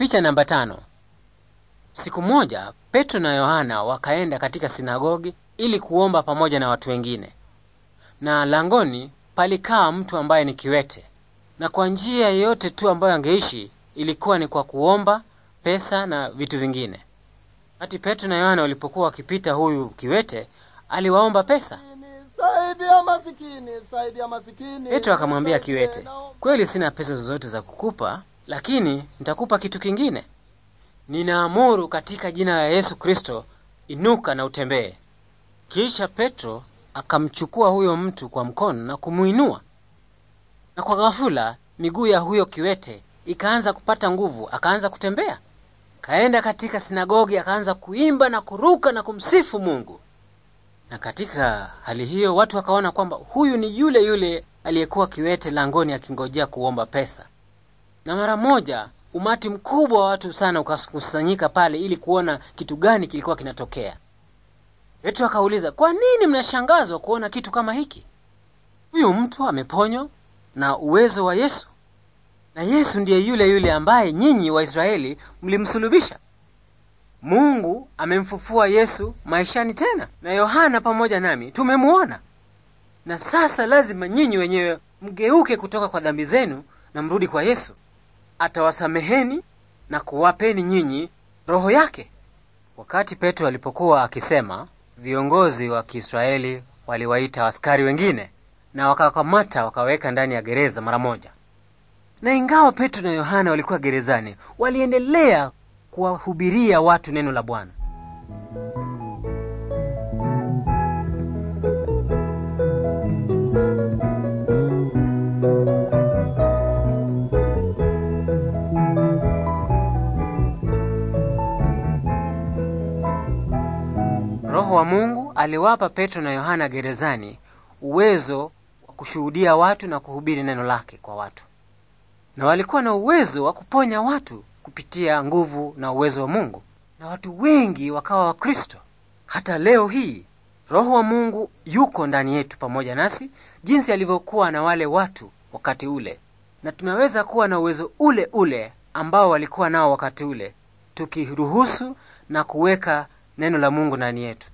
Picha namba tano. Siku moja Petro na Yohana wakaenda katika sinagogi ili kuomba pamoja na watu wengine, na langoni palikaa mtu ambaye ni kiwete, na kwa njia yeyote tu ambayo angeishi ilikuwa ni kwa kuomba pesa na vitu vingine. Hati Petro na Yohana walipokuwa wakipita, huyu kiwete aliwaomba pesa. masikini, masikini. Petro akamwambia kiwete, kweli sina pesa zozote za kukupa lakini nitakupa kitu kingine, ninaamuru katika jina la Yesu Kristo, inuka na utembee. Kisha Petro akamchukua huyo mtu kwa mkono na kumuinua, na kwa ghafula miguu ya huyo kiwete ikaanza kupata nguvu, akaanza kutembea. Kaenda katika sinagogi, akaanza kuimba na kuruka na kumsifu Mungu. Na katika hali hiyo watu wakaona kwamba huyu ni yule yule aliyekuwa kiwete langoni akingojea kuomba pesa. Na mara moja umati mkubwa wa watu sana ukakusanyika pale ili kuona kitu gani kilikuwa kinatokea. Petro akauliza, kwa nini mnashangazwa kuona kitu kama hiki? Huyu mtu ameponywa na uwezo wa Yesu, na Yesu ndiye yule yule ambaye nyinyi Waisraeli mlimsulubisha. Mungu amemfufua Yesu maishani tena, na Yohana pamoja nami tumemwona, na sasa lazima nyinyi wenyewe mgeuke kutoka kwa dhambi zenu na mrudi kwa Yesu atawasameheni na kuwapeni nyinyi Roho yake. Wakati Petro alipokuwa akisema, viongozi wa Kiisraeli waliwaita askari wengine na wakawakamata wakaweka ndani ya gereza mara moja. Na ingawa Petro na Yohana walikuwa gerezani, waliendelea kuwahubiria watu neno la Bwana. Roho wa Mungu aliwapa Petro na Yohana gerezani uwezo wa kushuhudia watu na kuhubiri neno lake kwa watu, na walikuwa na uwezo wa kuponya watu kupitia nguvu na uwezo wa Mungu, na watu wengi wakawa Wakristo. Hata leo hii Roho wa Mungu yuko ndani yetu pamoja nasi, jinsi alivyokuwa na wale watu wakati ule, na tunaweza kuwa na uwezo ule ule ambao walikuwa nao wakati ule, tukiruhusu na kuweka neno la Mungu ndani yetu.